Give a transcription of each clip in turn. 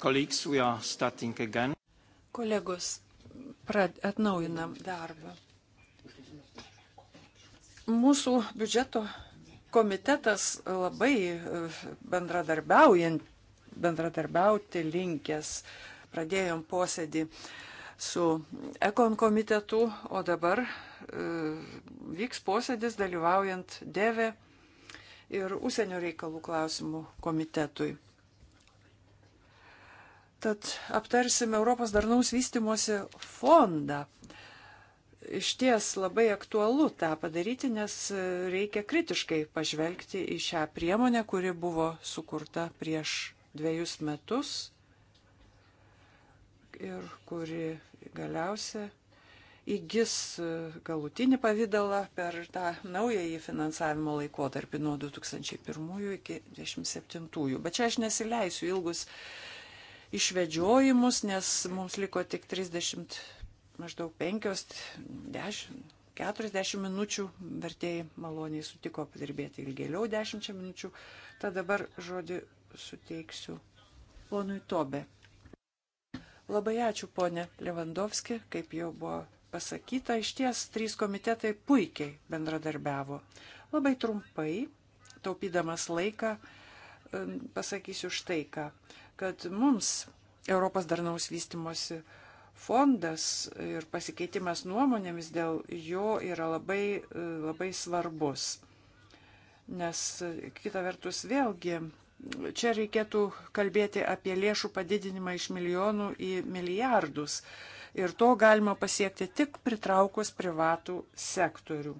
Colleagues, we are starting again. Kolegos, prad, atnaujinam darbą. Mūsų biudžeto komitetas labai e, bendradarbiaujant, bendradarbiauti linkęs. Pradėjom posėdį su ekon komitetu, o dabar e, vyks posėdis dalyvaujant Deve ir užsienio reikalų klausimų komitetui. Tad aptarsime Europos darnaus vystimosi fondą. Iš ties labai aktualu tą padaryti, nes reikia kritiškai pažvelgti į šią priemonę, kuri buvo sukurta prieš dviejus metus ir kuri galiausia įgis galutinį pavydalą per tą naująjį finansavimo laikotarpį nuo 2001 iki 2027. Bet čia aš nesileisiu ilgus išvedžiojimus, nes mums liko tik 30, maždaug 5, 10, 40 minučių. Vertėjai maloniai sutiko padirbėti ilgėliau 10 minučių. Tad dabar žodį suteiksiu ponui Tobe. Labai ačiū, ponė Levandovski, kaip jau buvo pasakyta, iš ties trys komitetai puikiai bendradarbiavo. Labai trumpai, taupydamas laiką, pasakysiu štai ką kad mums Europos darnaus vystimosi fondas ir pasikeitimas nuomonėmis dėl jo yra labai, labai svarbus. Nes kita vertus vėlgi čia reikėtų kalbėti apie lėšų padidinimą iš milijonų į milijardus. Ir to galima pasiekti tik pritraukus privatų sektorių.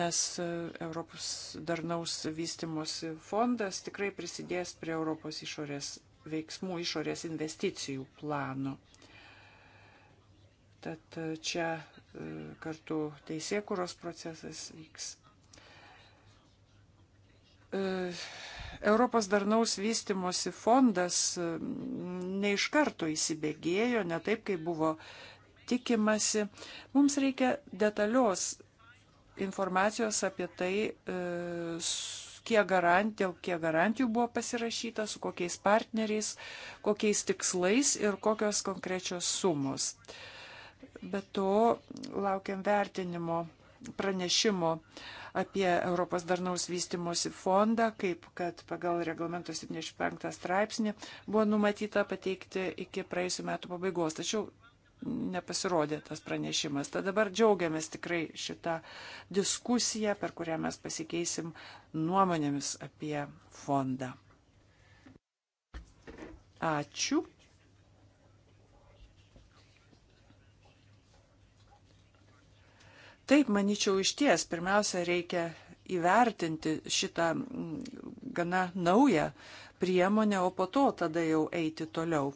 Nes Europos darnaus vystimosi fondas tikrai prisidės prie Europos išorės veiksmų išorės investicijų plano. Tad e, čia e, kartu teisėkuros procesas vyks. E, Europos darnaus vystimosi fondas neiš karto įsibėgėjo, ne taip, kaip buvo tikimasi. Mums reikia detalios informacijos apie tai, su kiek garantijų, kiek garantijų buvo pasirašyta, su kokiais partneriais, kokiais tikslais ir kokios konkrečios sumos. Be to, laukiam vertinimo pranešimo apie Europos darnaus vystimosi fondą, kaip kad pagal reglamento 75 straipsnį buvo numatyta pateikti iki praėjusių metų pabaigos. Tačiau nepasirodė tas pranešimas. Tad dabar džiaugiamės tikrai šitą diskusiją, per kurią mes pasikeisim nuomonėmis apie fondą. Ačiū. Taip, manyčiau, iš ties pirmiausia reikia įvertinti šitą mm, gana naują priemonę, o po to tada jau eiti toliau.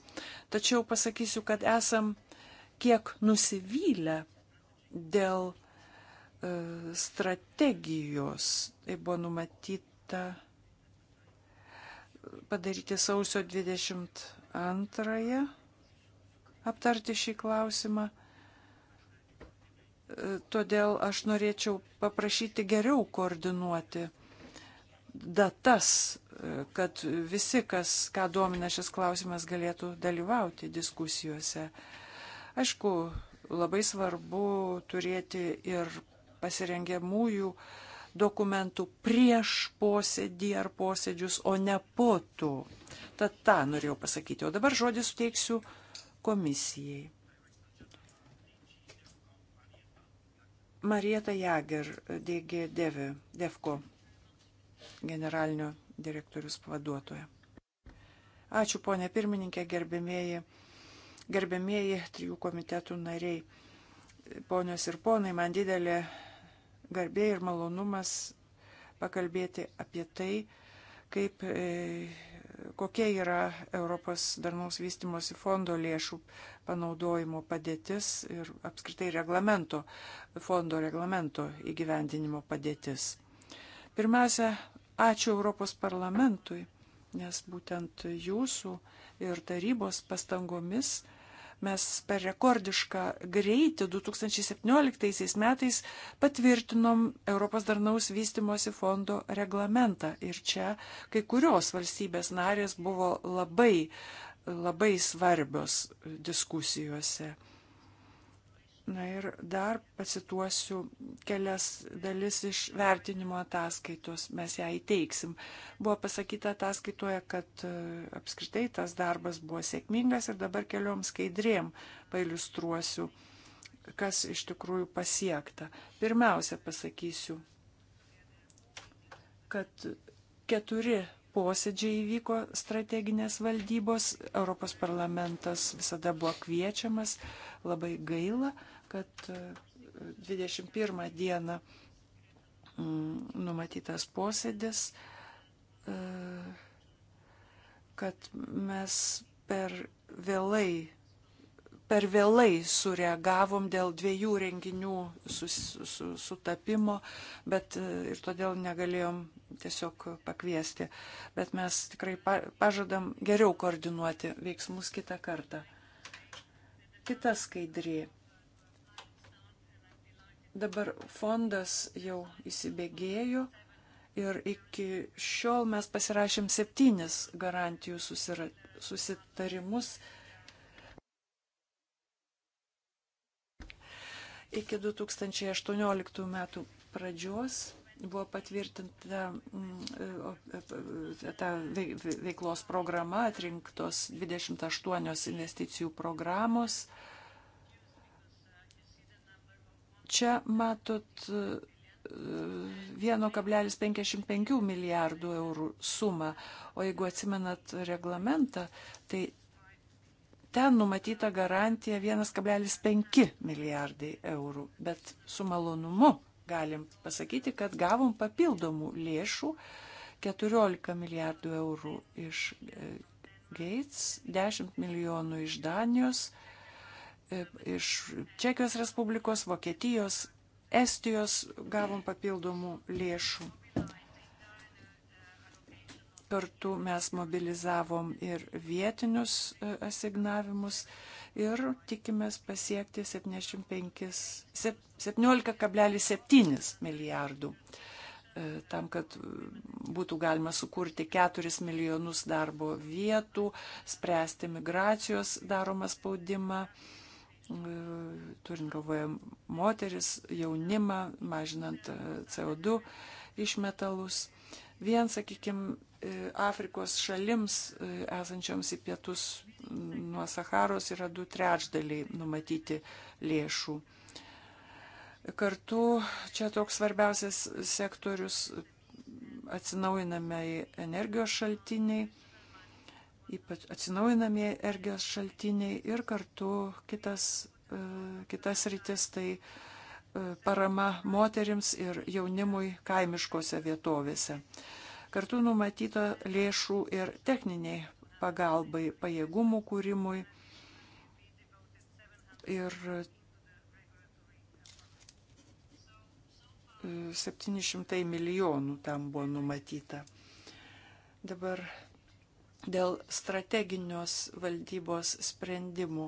Tačiau pasakysiu, kad esam kiek nusivylę dėl e, strategijos. Tai buvo numatyta padaryti sausio 22, aptarti šį klausimą. E, todėl aš norėčiau paprašyti geriau koordinuoti datas, e, kad visi, kas, ką domina šis klausimas, galėtų dalyvauti diskusijose. Uh, Aišku, labai svarbu turėti ir pasirengiamųjų dokumentų prieš posėdį ar posėdžius, o ne po tų. Tad tą norėjau pasakyti. O dabar žodį suteiksiu komisijai. Marieta Jager, DG Devi, Defko, generalinio direktorius pavaduotoja. Ačiū, ponė pirmininkė, gerbėmėjai Gerbėmieji trijų komitetų nariai, ponios ir ponai, man didelė garbė ir malonumas pakalbėti apie tai, kaip, e, kokia yra Europos darnaus vystimosi fondo lėšų panaudojimo padėtis ir apskritai reglamento, fondo reglamento įgyvendinimo padėtis. Pirmiausia, ačiū Europos parlamentui nes būtent jūsų ir tarybos pastangomis mes per rekordišką greitį 2017 metais patvirtinom Europos darnaus vystimosi fondo reglamentą. Ir čia kai kurios valstybės narės buvo labai, labai svarbios diskusijose. Na ir dar pacituosiu kelias dalis iš vertinimo ataskaitos, mes ją įteiksim. Buvo pasakyta ataskaitoje, kad e, apskritai tas darbas buvo sėkmingas ir dabar keliom skaidrėm pailustruosiu, kas iš tikrųjų pasiekta. Pirmiausia pasakysiu, kad keturi posėdžiai įvyko strateginės valdybos, Europos parlamentas visada buvo kviečiamas, labai gaila, kad 21 e, dieną mm, numatytas posėdis, e, kad mes per vėlai, per vėlai sureagavom dėl dviejų renginių sus, su, sutapimo, bet e, ir todėl negalėjom tiesiog pakviesti. Bet mes tikrai pažadam geriau koordinuoti veiksmus kitą kartą. Kita skaidrė Dabar fondas jau įsibėgėjo ir iki šiol mes pasirašėm septynis garantijų susira, susitarimus. Iki 2018 metų pradžios buvo patvirtinta mm, ta veiklos programa, atrinktos 28 investicijų programos. Čia matot 1,55 e, milijardų eurų sumą, o jeigu atsimenat reglamentą, tai ten numatyta garantija 1,5 milijardai eurų, bet su malonumu galim pasakyti, kad gavom papildomų lėšų 14 milijardų eurų iš e, Gates, 10 milijonų iš Danijos, E, iš Čekijos Respublikos, Vokietijos, Estijos gavom papildomų lėšų. Kartu mes mobilizavom ir vietinius e, asignavimus ir tikimės pasiekti 17,7 milijardų e, tam, kad būtų galima sukurti 4 milijonus darbo vietų, spręsti migracijos daromą spaudimą turint galvoje moteris, jaunimą, mažinant e, CO2 išmetalus. Vien, sakykime, Afrikos šalims e, esančioms į pietus nuo Saharos yra du trečdaliai numatyti lėšų. Kartu čia toks svarbiausias sektorius atsinaujinamai energijos šaltiniai ypač atsinaujinamieji energijos šaltiniai ir kartu kitas, e, kitas rytis tai e, parama moterims ir jaunimui kaimiškose vietovėse. Kartu numatyta lėšų ir techniniai pagalbai, pajėgumų kūrimui ir 700 e, milijonų tam buvo numatyta. Dabar dėl strateginios valdybos sprendimų.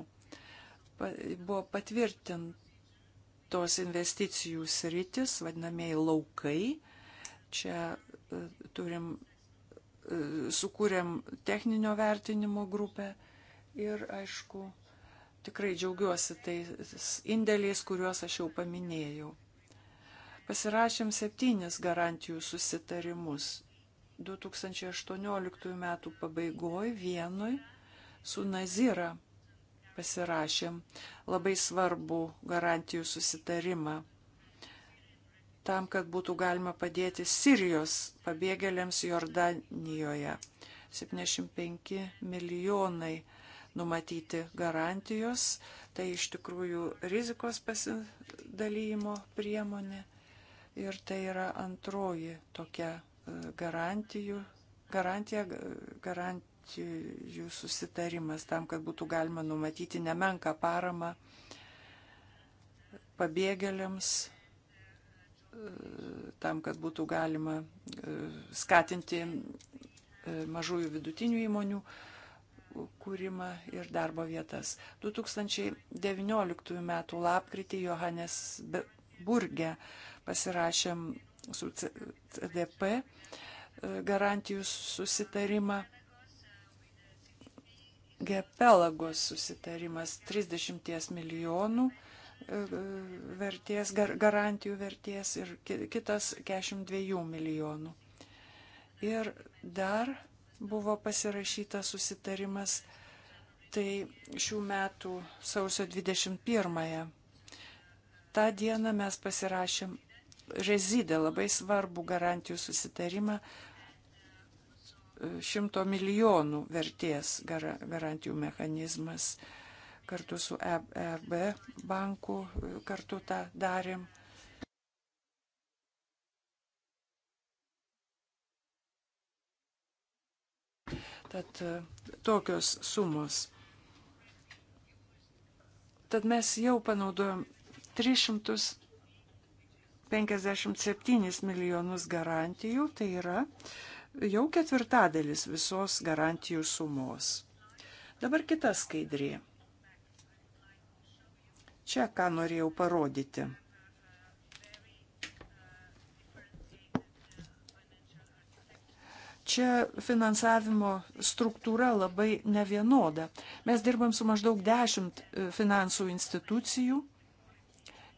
Buvo patvirtintos investicijų sritis, vadinamieji laukai. Čia e, turim, e, sukūrėm techninio vertinimo grupę ir, aišku, tikrai džiaugiuosi tais indėliais, kuriuos aš jau paminėjau. Pasirašėm septynis garantijų susitarimus 2018 metų pabaigoj Vienoj su Nazira pasirašėm labai svarbų garantijų susitarimą tam, kad būtų galima padėti Sirijos pabėgėliams Jordanijoje. 75 milijonai numatyti garantijos, tai iš tikrųjų rizikos pasidalymo priemonė ir tai yra antroji tokia garantijų, garantija, garantijų susitarimas tam, kad būtų galima numatyti nemenką paramą pabėgėliams, e, tam, kad būtų galima e, skatinti e, mažųjų vidutinių įmonių kūrimą ir darbo vietas. 2019 m. lapkritį Johannes Burge pasirašėm su CDP e, garantijų susitarimą. Gepelagos susitarimas 30 milijonų e, e, vertės, garantijų vertės ir kitas 42 milijonų. Ir dar buvo pasirašytas susitarimas tai šių metų sausio 21. -ąją. Ta diena mes pasirašėm Rezidę labai svarbu garantijų susitarimą šimto milijonų vertės garantijų mechanizmas. Kartu su ERB e banku kartu tą darėm. Tad tokios sumos. Tad mes jau panaudojom 300 57 milijonus garantijų, tai yra jau ketvirtadalis visos garantijų sumos. Dabar kita skaidrė. Čia ką norėjau parodyti. čia finansavimo struktūra labai nevienoda. Mes dirbam su maždaug dešimt finansų institucijų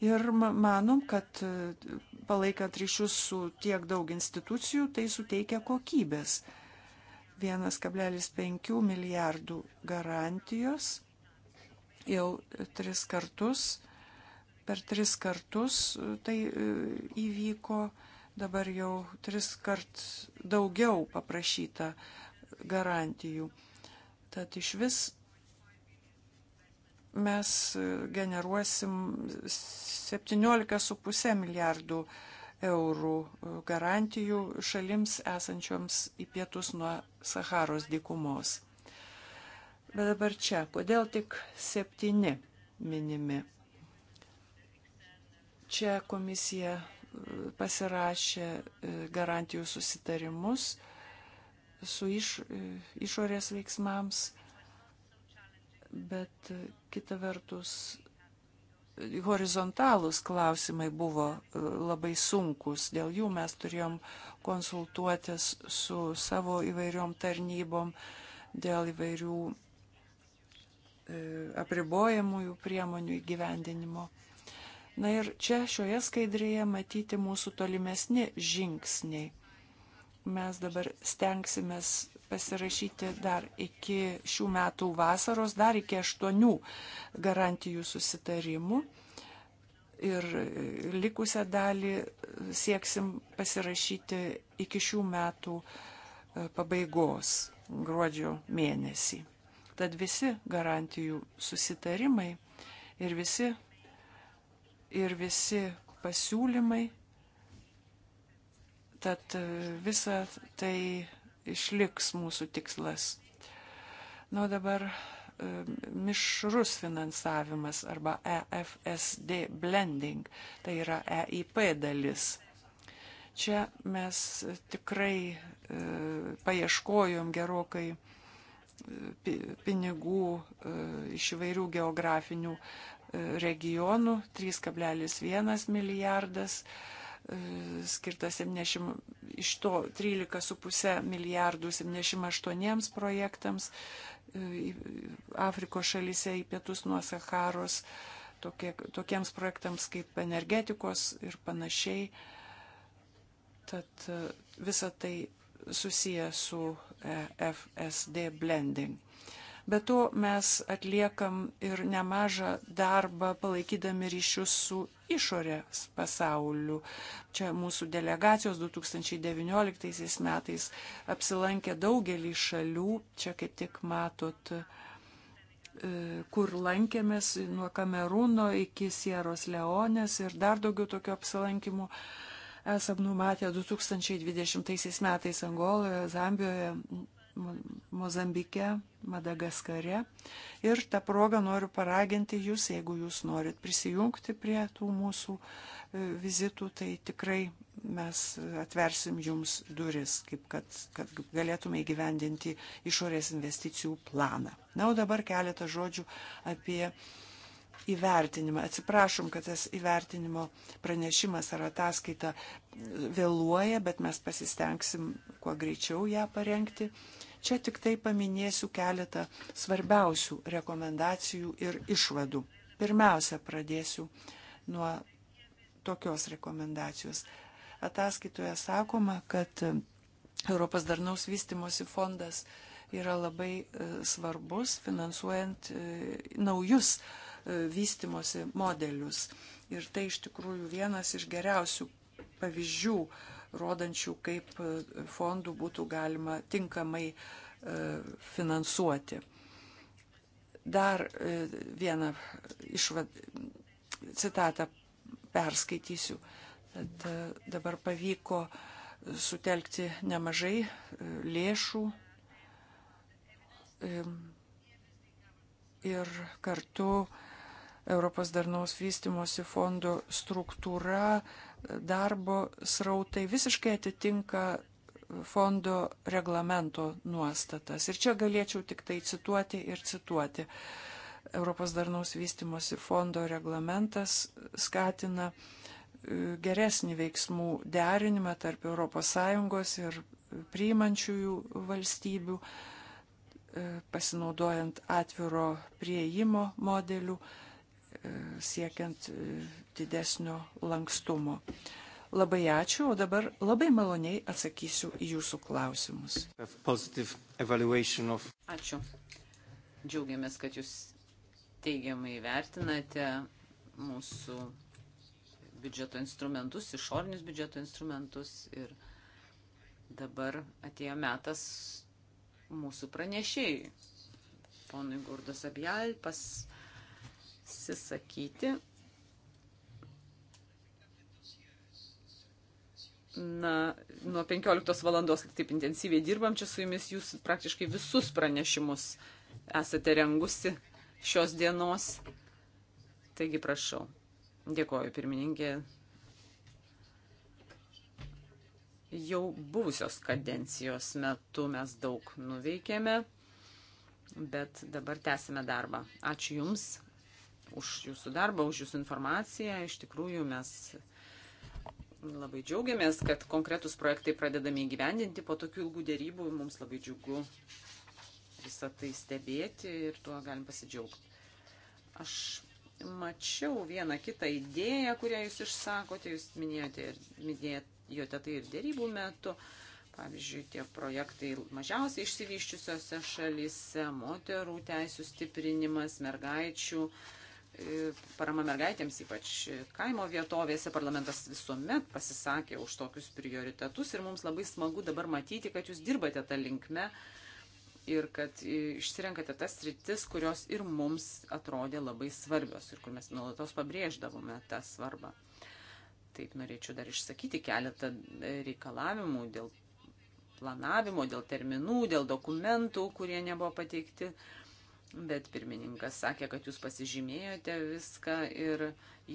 Ir manom, kad e, palaikant ryšius su tiek daug institucijų, tai suteikia kokybės. 1,5 milijardų garantijos jau tris kartus, per tris kartus e, tai e, įvyko, dabar jau tris kart daugiau paprašyta garantijų. Tad iš vis mes e, generuosim 17,5 milijardų eurų e, garantijų šalims esančioms į pietus nuo Saharos dykumos. Bet dabar čia, kodėl tik septyni minimi? Čia komisija e, pasirašė garantijų susitarimus su iš, išorės veiksmams bet kita vertus horizontalūs klausimai buvo e, labai sunkus. Dėl jų mes turėjom konsultuotis su savo įvairiom tarnybom dėl įvairių e, apribojamųjų priemonių įgyvendinimo. Na ir čia šioje skaidrėje matyti mūsų tolimesni žingsniai mes dabar stengsimės pasirašyti dar iki šių metų vasaros, dar iki aštuonių garantijų susitarimų. Ir likusią dalį sieksim pasirašyti iki šių metų e, pabaigos, gruodžio mėnesį. Tad visi garantijų susitarimai ir visi, ir visi pasiūlymai Tad e, visa tai išliks mūsų tikslas. Na, nu, dabar e, mišrus finansavimas arba EFSD blending, tai yra EIP dalis. Čia mes tikrai e, paieškojom gerokai e, pinigų e, iš įvairių geografinių regionų - 3,1 milijardas, skirta 70, iš to 13,5 milijardų 78 projektams e, Afrikos šalyse į pietus nuo Saharos, tokie, tokiems projektams kaip energetikos ir panašiai. Tad e, visa tai susiję su e, FSD blending. Be to mes atliekam ir nemažą darbą palaikydami ryšius su išorės pasauliu. Čia mūsų delegacijos 2019 metais apsilankė daugelį šalių. Čia kaip tik matot e, kur lankėmės nuo Kamerūno iki Sieros Leonės ir dar daugiau tokių apsilankimų esam numatę 2020 metais Angoloje, Zambijoje, Mozambike, Madagaskare. Ir tą progą noriu paraginti jūs, jeigu jūs norit prisijungti prie tų mūsų e, vizitų, tai tikrai mes atversim jums duris, kaip kad, kad galėtume įgyvendinti išorės investicijų planą. Na, o dabar keletą žodžių apie įvertinimą. Atsiprašom, kad tas įvertinimo pranešimas ar ataskaita vėluoja, bet mes pasistengsim kuo greičiau ją parengti. Čia tik tai paminėsiu keletą svarbiausių rekomendacijų ir išvadų. Pirmiausia, pradėsiu nuo tokios rekomendacijos. Ataskaitoje sakoma, kad Europos darnaus vystimosi fondas yra labai e, svarbus finansuojant e, naujus uh, E, vystimosi modelius. Ir tai iš tikrųjų vienas iš geriausių pavyzdžių, rodančių, kaip e, fondų būtų galima tinkamai e, finansuoti. Dar vieną išvad, citatą perskaitysiu. Tad dabar pavyko sutelkti nemažai lėšų ir kartu Europos darnaus vystimosi fondo struktūra, darbo srautai visiškai atitinka fondo reglamento nuostatas. Ir čia galėčiau tik tai cituoti ir cituoti. Europos darnaus vystimosi fondo reglamentas skatina e, geresnį veiksmų derinimą tarp ES ir priimančiųjų valstybių, e, pasinaudojant atviro prieimo modelių siekiant e, didesnio lankstumo. Labai ačiū, o dabar labai maloniai atsakysiu į jūsų klausimus. Of... Ačiū. Džiaugiamės, kad jūs teigiamai vertinate mūsų biudžeto instrumentus, išorinius biudžeto instrumentus ir dabar atėjo metas mūsų pranešėjai. Ponui Gurdas Abjal pas atsisakyti. Na, nuo 15 valandos taip intensyviai dirbam čia su jumis, jūs praktiškai visus pranešimus esate rengusi šios dienos. Taigi prašau. Dėkoju, pirmininkė. Jau buvusios kadencijos metu mes daug nuveikėme, bet dabar tęsime darbą. Ačiū Jums už jūsų darbą, už jūsų informaciją. Iš tikrųjų, mes labai džiaugiamės, kad konkretus projektai pradedami įgyvendinti po tokių ilgų dėrybų. Mums labai džiugu visą tai stebėti ir tuo galim pasidžiaugti. Aš mačiau vieną kitą idėją, kurią jūs išsakote, jūs minėjote, minėjote tai ir dėrybų metu. Pavyzdžiui, tie projektai mažiausiai išsivyščiusiose šalyse, moterų teisų stiprinimas, mergaičių uh, parama mergaitėms, ypač kaimo vietovėse, parlamentas visuomet pasisakė už tokius prioritetus ir mums labai smagu dabar matyti, kad jūs dirbate tą linkmę ir kad išsirenkate tas rytis, kurios ir mums atrodė labai svarbios ir kur mes nuolatos pabrėždavome tą svarbą. Taip norėčiau dar išsakyti keletą reikalavimų dėl planavimo, dėl terminų, dėl dokumentų, kurie nebuvo pateikti. Uh, Bet pirmininkas sakė, kad jūs pasižymėjote viską ir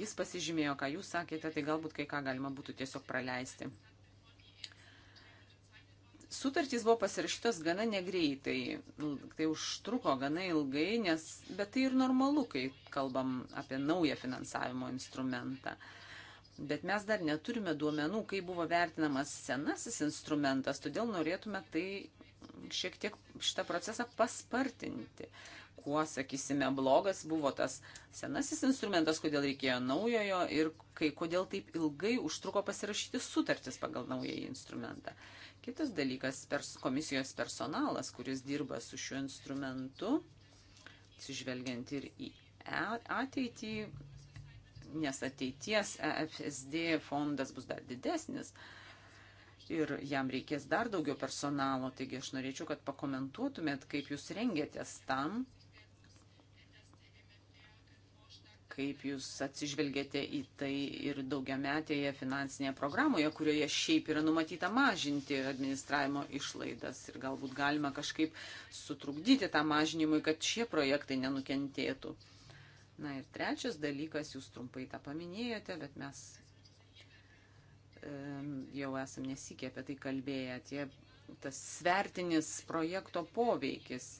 jis pasižymėjo, ką jūs sakėte, tai galbūt kai ką galima būtų tiesiog praleisti. Sutartys buvo pasirašytos gana negreitai, tai užtruko gana ilgai, nes, bet tai ir normalu, kai kalbam apie naują finansavimo instrumentą. Bet mes dar neturime duomenų, kaip buvo vertinamas senasis instrumentas, todėl norėtume tai šiek tiek šitą procesą paspartinti. Kuo, sakysime, blogas buvo tas senasis instrumentas, kodėl reikėjo naujojo ir kai, kodėl taip ilgai užtruko pasirašyti sutartis pagal naująjį instrumentą. Kitas dalykas pers, komisijos personalas, kuris dirba su šiuo instrumentu, atsižvelgiant ir į e, ateitį, nes ateities EFSD fondas bus dar didesnis. Uh, ir jam reikės dar daugiau personalo. Taigi aš norėčiau, kad pakomentuotumėt, kaip jūs rengėtės tam, kaip jūs atsižvelgėte į tai ir daugiametėje finansinėje programoje, kurioje šiaip yra numatyta mažinti administravimo išlaidas ir galbūt galima kažkaip sutrukdyti tą mažinimui, kad šie projektai nenukentėtų. Na ir trečias dalykas, jūs trumpai tą paminėjote, bet mes jau esam nesikė apie tai kalbėję, tie, tas svertinis projekto poveikis.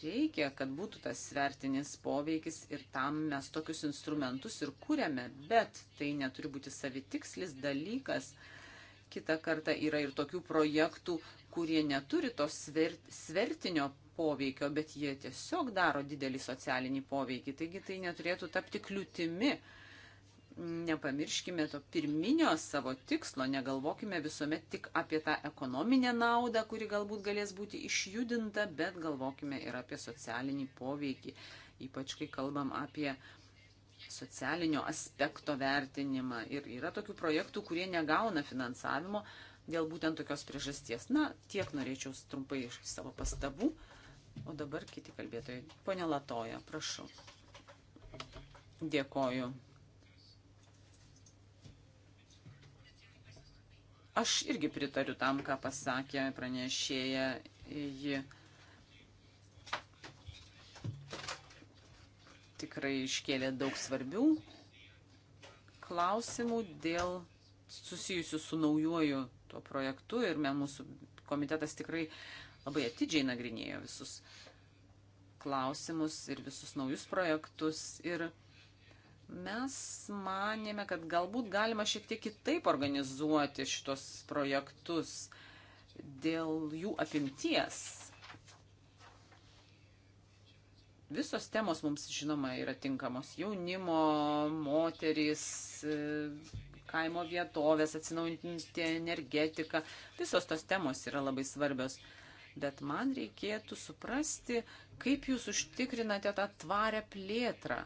Reikia, kad būtų tas svertinis poveikis ir tam mes tokius instrumentus ir kūrėme, bet tai neturi būti savitikslis dalykas. Kita karta yra ir tokių projektų, kurie neturi to svert, svertinio poveikio, bet jie tiesiog daro didelį socialinį poveikį. Taigi tai neturėtų tapti kliūtimi uh, nepamirškime to pirminio savo tikslo, negalvokime visuomet tik apie tą ekonominę naudą, kuri galbūt galės būti išjudinta, bet galvokime ir apie socialinį poveikį, ypač kai kalbam apie socialinio aspekto vertinimą. Ir yra tokių projektų, kurie negauna finansavimo dėl būtent tokios priežasties. Na, tiek norėčiau trumpai iš savo pastabų. O dabar kiti kalbėtojai. Pone Latoja, prašau. Dėkoju Aš irgi pritariu tam, ką pasakė pranešėja ji. Tikrai iškėlė daug svarbių klausimų dėl susijusių su naujuoju tuo projektu ir mūsų komitetas tikrai labai atidžiai nagrinėjo visus klausimus ir visus naujus projektus. Ir Mes manėme, kad galbūt galima šiek tiek kitaip organizuoti šitos projektus dėl jų apimties. Visos temos mums žinoma yra tinkamos - jaunimo, moterys, e, kaimo vietovės, atsinaujinti energetika. Visos tos temos yra labai svarbios. Bet man reikėtų suprasti, kaip jūs užtikrinate tą tvarę plėtrą.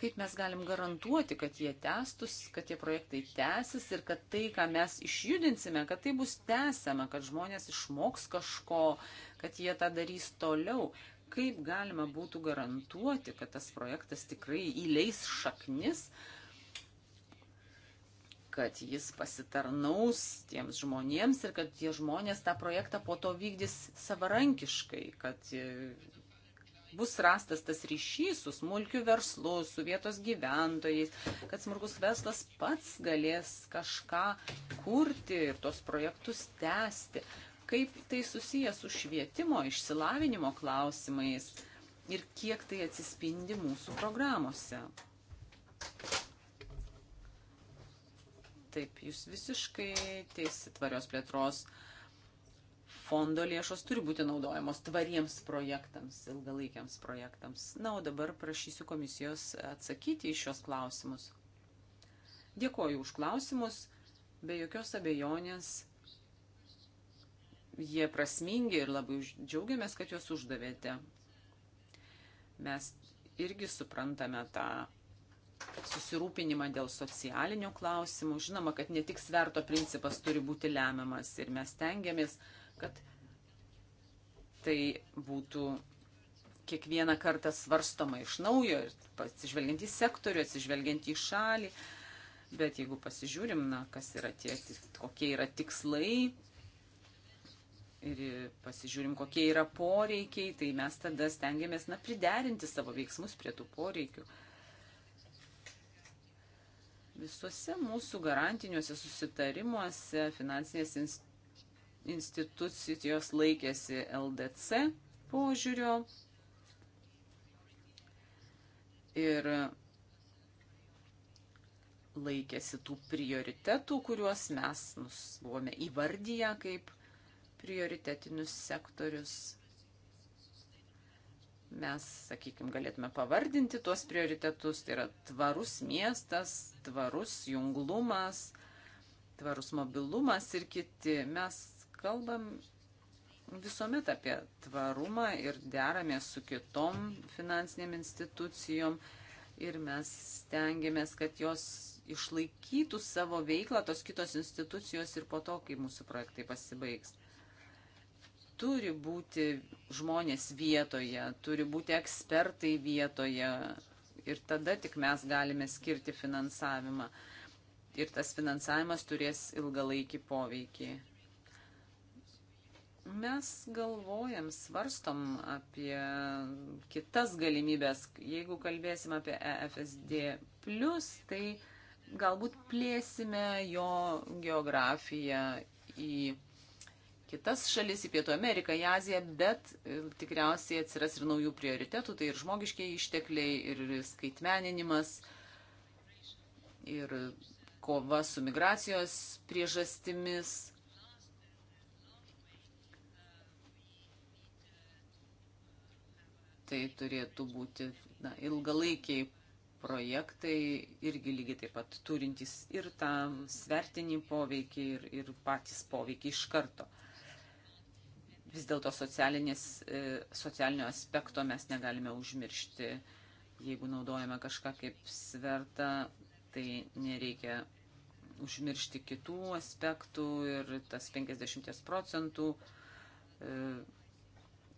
Kaip mes galim garantuoti, kad jie tęstus, kad tie projektai tęsis ir kad tai, ką mes išjudinsime, kad tai bus tęsiama, kad žmonės išmoks kažko, kad jie tą darys toliau. Kaip galima būtų garantuoti, kad tas projektas tikrai įleis šaknis, kad jis pasitarnaus tiems žmonėms ir kad tie žmonės tą projektą po to vykdys savarankiškai, kad bus rastas tas ryšys su smulkiu verslu, su vietos gyventojais, kad smulkus verslas pats galės kažką kurti ir tos projektus tęsti. Kaip tai susijęs su švietimo, išsilavinimo klausimais ir kiek tai atsispindi mūsų programuose. Taip, jūs visiškai teisi tvarios plėtros uh, fondo lėšos turi būti naudojamos tvariems projektams, ilgalaikiams projektams. Na, o dabar prašysiu komisijos atsakyti į šios klausimus. Dėkoju už klausimus, be jokios abejonės jie prasmingi ir labai džiaugiamės, kad juos uždavėte. Mes irgi suprantame tą susirūpinimą dėl socialinių klausimų. Žinoma, kad ne tik sverto principas turi būti lemiamas ir mes tengiamės kad tai būtų kiekvieną kartą svarstoma iš naujo, atsižvelgiant į sektorių, atsižvelgiant į šalį. Bet jeigu pasižiūrim, na, kas yra tie, kokie yra tikslai ir pasižiūrim, kokie yra poreikiai, tai mes tada stengiamės, na, priderinti savo veiksmus prie tų poreikių. Visuose mūsų garantiniuose susitarimuose finansinės institucijos institucijos laikėsi LDC požiūrio ir laikėsi tų prioritetų, kuriuos mes buvome įvardyję kaip prioritetinius sektorius. Mes, sakykime, galėtume pavardinti tuos prioritetus, tai yra tvarus miestas, tvarus junglumas, tvarus mobilumas ir kiti. Mes kalbam visuomet apie tvarumą ir deramės su kitom finansinėm institucijom ir mes stengiamės, kad jos išlaikytų savo veiklą tos kitos institucijos ir po to, kai mūsų projektai pasibaigs. Turi būti žmonės vietoje, turi būti ekspertai vietoje ir tada tik mes galime skirti finansavimą. Ir tas finansavimas turės ilgalaikį poveikį. Mes galvojam, svarstom apie kitas galimybės. Jeigu kalbėsim apie EFSD, tai galbūt plėsime jo geografiją į kitas šalis, į Pietų Ameriką, į Aziją, bet e, tikriausiai atsiras ir naujų prioritetų, tai ir žmogiškiai ištekliai, ir skaitmeninimas, ir kova su migracijos priežastimis. tai turėtų būti na, ilgalaikiai projektai irgi lygiai taip pat turintys ir tą svertinį poveikį ir, ir patys poveikį iš karto. Vis dėlto e, socialinio aspekto mes negalime užmiršti. Jeigu naudojame kažką kaip svertą, tai nereikia užmiršti kitų aspektų ir tas 50 procentų e,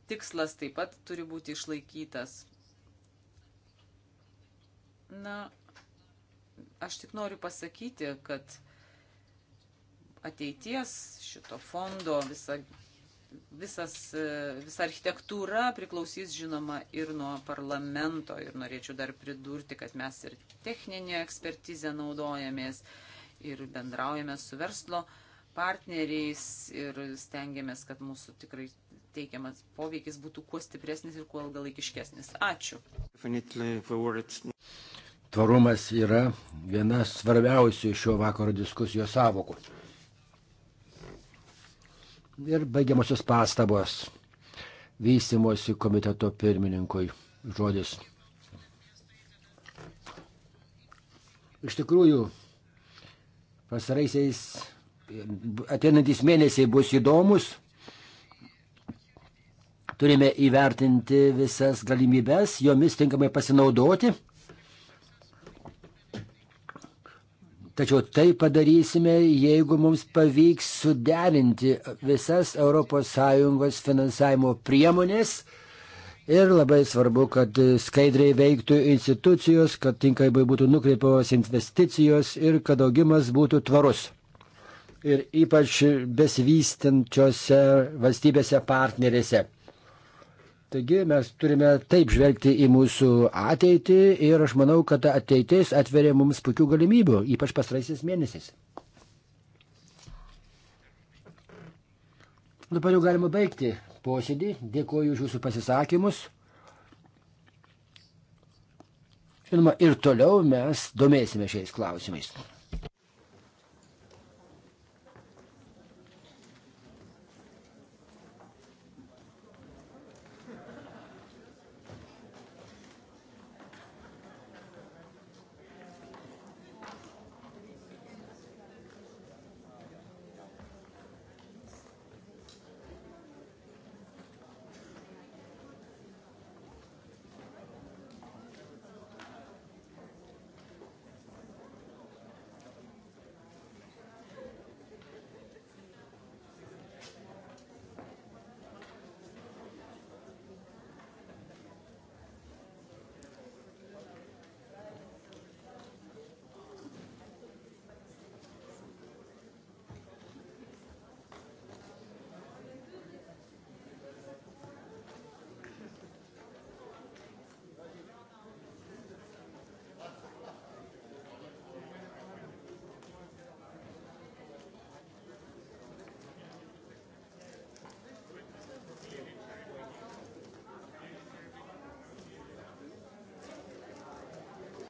tikslas taip pat turi būti išlaikytas. Na, aš tik noriu pasakyti, kad ateities šito fondo visa, visas, e, visa architektūra priklausys žinoma ir nuo parlamento. Ir norėčiau dar pridurti, kad mes ir techninę ekspertizę naudojamės ir bendraujame su verslo partneriais ir stengiamės, kad mūsų tikrai teikiamas poveikis būtų kuo stipresnis ir kuo ilgalaikiškesnis. Ačiū. Tvarumas yra viena svarbiausių šio vakaro diskusijos savokų. Ir baigiamosios pastabos vystimosi komiteto pirmininkui žodis. Iš tikrųjų, pasaraisiais ateinantys mėnesiai bus įdomus. Turime įvertinti visas galimybes, jomis tinkamai pasinaudoti. Tačiau tai padarysime, jeigu mums pavyks suderinti visas ES finansavimo priemonės. Ir labai svarbu, kad skaidriai veiktų institucijos, kad tinkamai būtų nukreipiamos investicijos ir kad augimas būtų tvarus. Ir ypač besivystinčiose valstybėse partnerėse. Taigi mes turime taip žvelgti į mūsų ateitį ir aš manau, kad ta ateitis atveria mums puikių galimybių, ypač pastraisiais mėnesiais. Dabar jau galima baigti posėdį. Dėkuoju už jūsų pasisakymus. Žinoma, ir toliau mes domėsime šiais klausimais.